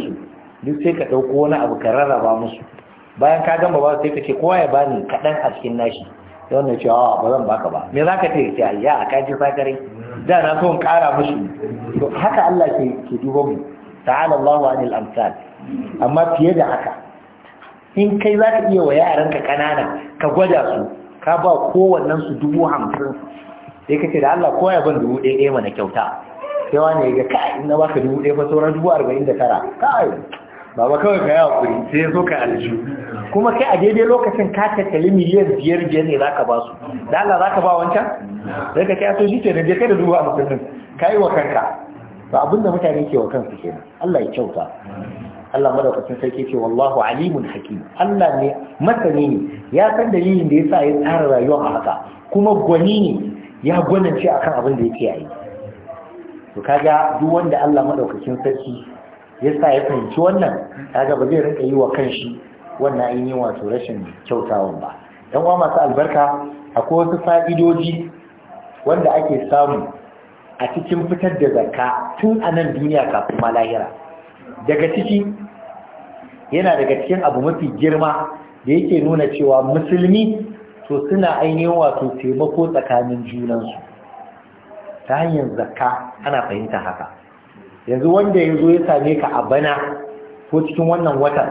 su duk sai ka dauko wani abu ka rarraba musu bayan ka gama ba sai ka ce kowa ya bani kadan a cikin nashi sai wannan cewa a ba zan baka ba me za ka ce ce ayya a kaji sakare da na so kara musu to haka Allah ke ke dubo mu ta'ala ni anil amsal amma fiye da haka in kai za ka iya wa yaranka kanana ka gwada su ka ba kowannen su dubu hamsin sai kace da Allah koya ban dubu ɗaya mana kyauta sai wani ya ga kai in na baka dubu ɗaya fa sauran dubu arba'in da tara kai baba kawai ka yi hakuri sai ya zo ka aljihu kuma kai a daidai lokacin ka tattali miliyan biyar biyar ne za ka ba su dala za ka ba wancan sai ka kai so shi ke da je kai da dubu a mutum ka yi wa kanka ba abinda mutane ke wa kansu ke Allah ya kyauta Allah madaukakin sarki ce wallahu alimun hakim Allah ne masani ne ya san dalilin da yasa ya tsara rayuwa a haka kuma gwani ne ya gwanance akan abin da yake yi to kaga duk wanda Allah madaukakin sarki yasa ya fahimci wannan kaga ba zai rinka yi wa kanshi wannan ainihin wato rashin kyautawan ba yan uwa masu albarka akwai wasu fa'idoji wanda ake samu a cikin fitar da zakka tun a nan duniya kafin ma lahira daga ciki yana daga cikin abu mafi girma da yake nuna cewa musulmi to suna ainihin wato taimako tsakanin junansu ta hanyar zakka ana fahimta haka yanzu wanda ya zo ya same ka a bana ko cikin wannan watan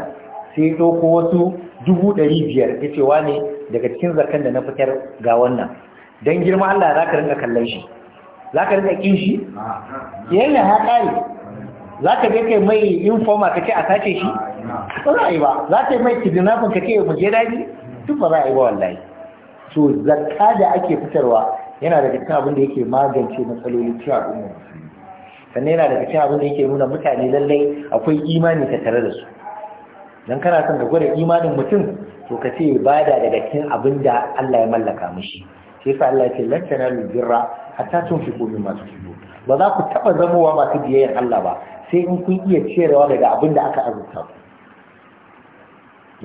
sai ya ɗauko wasu dubu ɗari biyar ya ce wane daga cikin zakan da na fitar ga wannan don girma Allah za ka rinka kallon shi za ka rinka ƙin shi yayin ya ƙare za ka je kai mai informa ka ce a sace shi ba za a yi ba za ka yi mai kidnapin ka ce mu je daji duk ba za a yi ba wallahi To zakka da ake fitarwa yana daga cikin abin da yake magance matsaloli cikin al'umma sannan yana daga cikin abin da yake nuna mutane lallai akwai imani ta tare da su dan kana son ka gwada imanin mutum to ka ce bada daga cikin abin da Allah ya mallaka mishi shi. yasa Allah ya ce lan tanalu birra hatta tunfiqu masu tuhibbu ba za ku taba zamowa masu biyayyar Allah ba sai in kun iya ciyarwa daga abin da aka azurta ku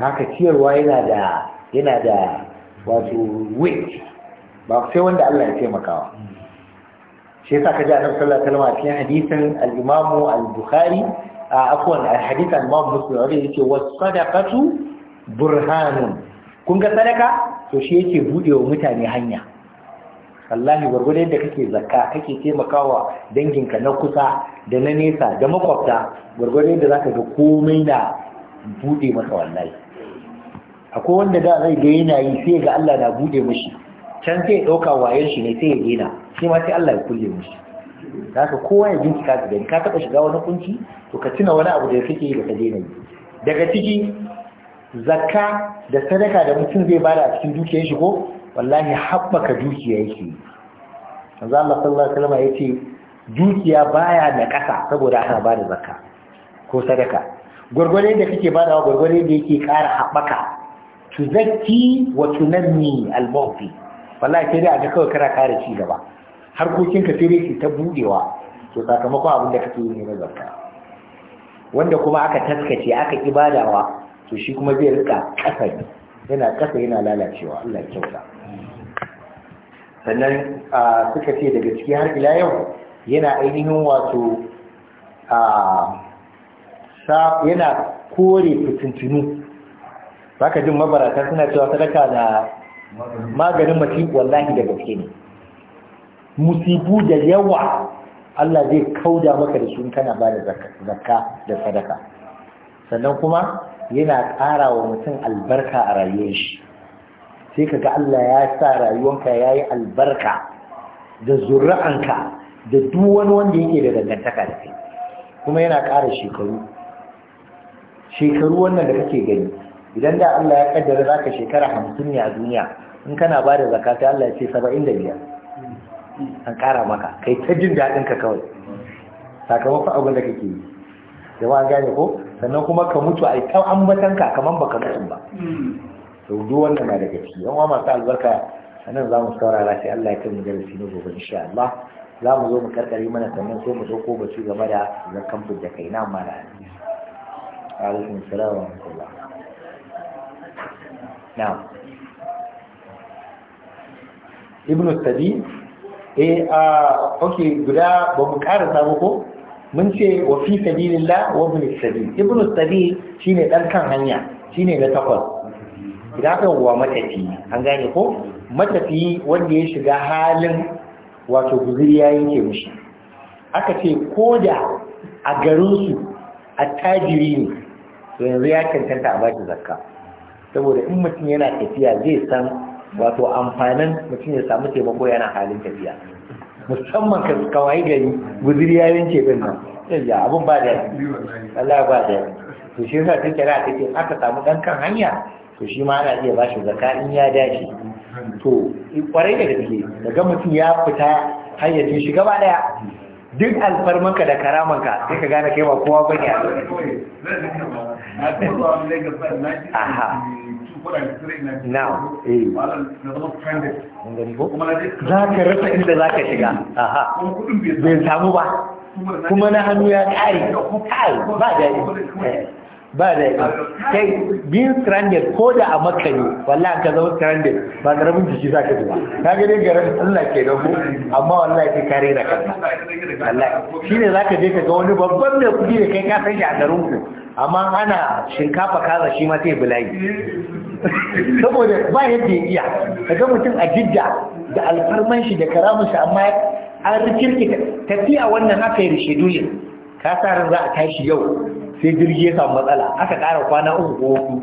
haka ciyarwa yana da yana da wato wait ba sai wanda Allah ya taimakawa shi yasa kaji annabi sallallahu alaihi wasallam a cikin hadisin al-Imam al-Bukhari afwan al-hadith al-Imam Muslim wanda yake was-sadaqatu burhanun kun ga sadaka to shi yake budewa mutane hanya wallahi gurgurda da kake zakka kake taimakawa danginka na kusa da na nesa da makwabta gurgurda yadda zaka ga komai na bude maka wallahi akwai wanda da zai ga yana yi sai ga Allah na bude mishi can sai ya dauka wayen shi ne sai ya daina shi ma sai Allah ya kulle shi haka kowa ya bincika ka gani ka taba shiga wani kunci to ka tuna wani abu da kake da ka dena yi daga ciki zakka da sadaka da mutum zai bada a cikin dukiyar shi ko wallahi haɓaka dukiya yake manzo Allah sallallahu alaihi wasallam yace dukiya baya da ƙasa saboda ana bada zakka ko sadaka gurgure da kake badawa gurgure da yake kara haɓaka tuzakki wa tunanni al-mawfi wallahi sai dai a kawo kara kare ci gaba harkokin ka sai dai ta budewa to sakamakon abin da kake yi ne na wanda kuma aka taskace aka ibadawa to shi kuma zai rika kasa yana kasa yana lalacewa Allah ya kyauta sannan suka ce daga ciki har ila yau yana ainihin wato yana kore fitintinu baka jin mabarata suna cewa sadaka na maganin mutum wallahi da gaske ne musibu da yawa Allah zai kauda maka da su kana ba da zakka da sadaka sannan kuma yana ƙara wa mutum albarka a rayuwar shi sai ka ga Allah ya sa rayuwanka ya yi albarka da zuri'anka da duk wanda yake da dangantaka da kai kuma yana ƙara shekaru shekaru wannan da kake gani idan da Allah ya kaddara zaka shekara hamsin ne a duniya in kana ba da ta Allah ya ce saba'in da biyar an kara maka kai ta jin daɗin ka kawai sakamakon abin da kake yi jama'a gane ko sannan kuma ka mutu a an ambatan ka kaman baka mutu ba to duk wannan na daga ciki yan masu albarka anan za mu saurara sai Allah ya kai darasi na gobe insha Allah za mu zo mu karkare mana sannan sai mu ba batu game da zakan da kai na mara alaikum salam wa rahmatullah na'am ibnu tadi eh a ok guda ba mu karanta ba ko mun ce wa fi sabilillah wa ibn sabil ibn sabil shine dan kan hanya shine na takwas idan ka wa matafi an gane ko matafi wanda ya shiga halin wato guzuriya ya mushi aka ce koda a garinsu attajiri ne to yanzu ya cancanta a baki zakka saboda in mutum yana tafiya zai san wato amfanin mutum ya samu taimako yana halin tafiya musamman ka kawai gari guzuri ya yanke bin nan yanzu abin ba da Allah ba da to shi yasa take ra take aka samu dan kan hanya to shi ma ana iya bashi zakka in ya dace to kwarai da gaske daga mutum ya fita hayyacin shi gaba daya duk alfarmanka da karamanka sai ka gane kai ba kowa bane a now eh za ka rasa inda za ka shiga aha bai samu ba kuma na hannu ya kare kai ba yi. Eh, ba yi. kai being stranded ko da a makani, ne wallahi ka zama stranded ba rabin jiki za ka ji ba ka ga dai garin Allah ke da ku amma wallahi kai kare da kanka wallahi ne za ka je ka ga wani babban mai kuɗi da kai ka san shi a garin ku amma ana shinkafa kaza shi ma sai bulayi saboda ba yadda ya iya kaga mutum a jidda da alfarman shi da karamin shi amma an rikirki tafiya wannan haka yi rishe dole ka sa ran za a tashi yau sai jirgi ya samu matsala aka ƙara kwana uku ko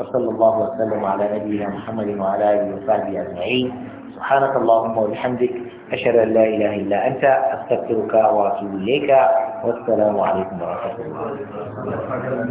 وصلى الله وسلم على نبينا محمد وعلى آله وصحبه أجمعين سبحانك اللهم وبحمدك أشهد أن لا إله إلا أنت أستغفرك وأتوب إليك والسلام عليكم ورحمة الله